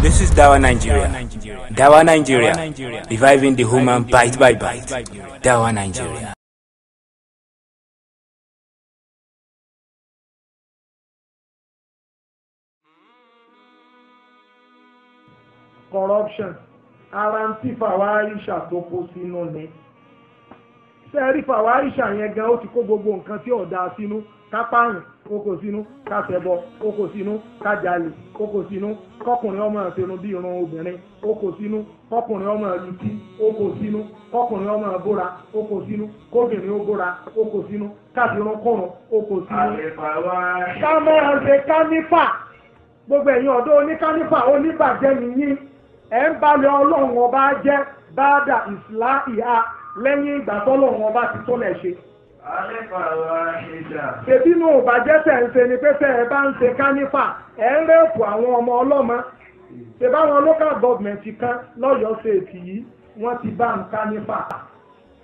This is Dawa Nigeria. Dawa Nigeria. Reviving the human bite by bite. Dawa Nigeria. Corruption. Ara ń tí fàwa Aisha tó kó sínú ni sẹ́ẹ̀rí fàwárìṣà yẹn gan ó ti kó gbogbo nǹkan tí ò dáa sínú ká pààyàn ó kó sínú ká ṣẹbọ ó kó sínú ká jalè ó kó sínú kọkùnrin ọmọ ìṣẹ̀nu bí irun obìnrin ó kó sínú kọkùnrin ọmọ ìlùtí ó kó sínú kọkùnrin ọmọ ìbóra ó kó sínú kóbìnrin ó bóra ó kó sínú káfíńrún kọrùn ó kó sínú. ká máa ṣe kánífà gbogbo ẹ̀yin ọ̀dọ́ oníkánífà oníbàjẹ́ nìyí ẹ̀ ń balẹ̀ ọlọ́run ọba jẹ́ bá dà lẹ́yìn ìgbà tọ́lọ̀ wọn bá ti tó lẹ̀ ṣe. Ṣèbí nù bàjẹ́ tẹ̀ ń ṣe ni pé tẹ́ ẹ bá ń ṣe kánífà ẹ̀ ń rẹ́pù àwọn ọmọ ọlọ́mọ. Ṣèbáwọn local government kan lọ́yọ̀ọ́ ṣèèkì yìí wọ́n ti bá ń kánífà.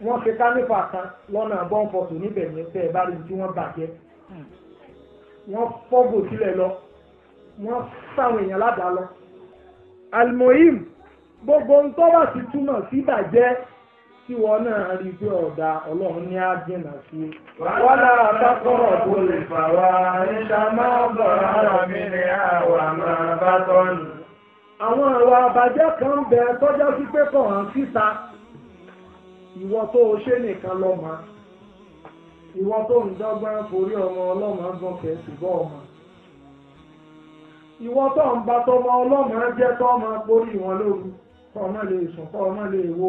Wọ́n ṣe kánífà kan lọ́nà bọ́ǹfọ̀tò níbẹ̀ yẹn tẹ́ ẹ bá rí tí wọ́n bàjẹ́. Wọ́n fọ́gò sílẹ̀ lọ. Wọ́n sáwọn èèyàn ládàá lọ. Àlùmọ̀yìm gbogbo ń tọ́ bá ti túmọ̀ sí bàjẹ́. tí wọn náà rí bí ọ̀dà ọlọ́run ní àjìnà sí. wọ́n náà sákọ̀rọ̀ tó lè fà wá níta máa bọ̀ mi ní àwọn ọ̀rọ̀ àbàjẹ́ kan bẹ tọ́jọ́ sí pé hàn síta ìwọ tó o ṣe nìkan lọ́mọ ìwọ tó ń dọ́gbọ́n ọmọ ọlọ́mọ gbọ́n ọmọ ìwọ tó ń tọmọ ọlọ́mọ jẹ́ tọ́mọ kọ́ ọmọ lè sùn kọ́ ọmọ wo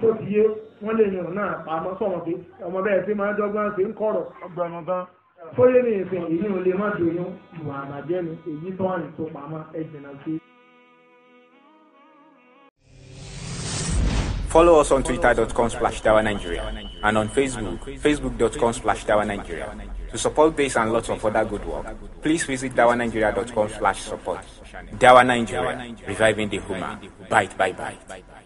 tó ti yé wọ́n lè yàn náà pamọ́ pé ọmọ bẹ́ẹ̀ ti máa dọ́gbọ́n ṣe ń kọ̀rọ̀ ìsìn èyí ò lè má ni èyí tó àrùn tó pamọ́ to pamo Follow us on twitter.com slash Tower Nigeria and on Facebook, facebook.com slash Tower Nigeria. To support this and lots of other good work, please visit dawanigeria.com slash support. Dawa Nigeria, reviving the human. Bite, by bite.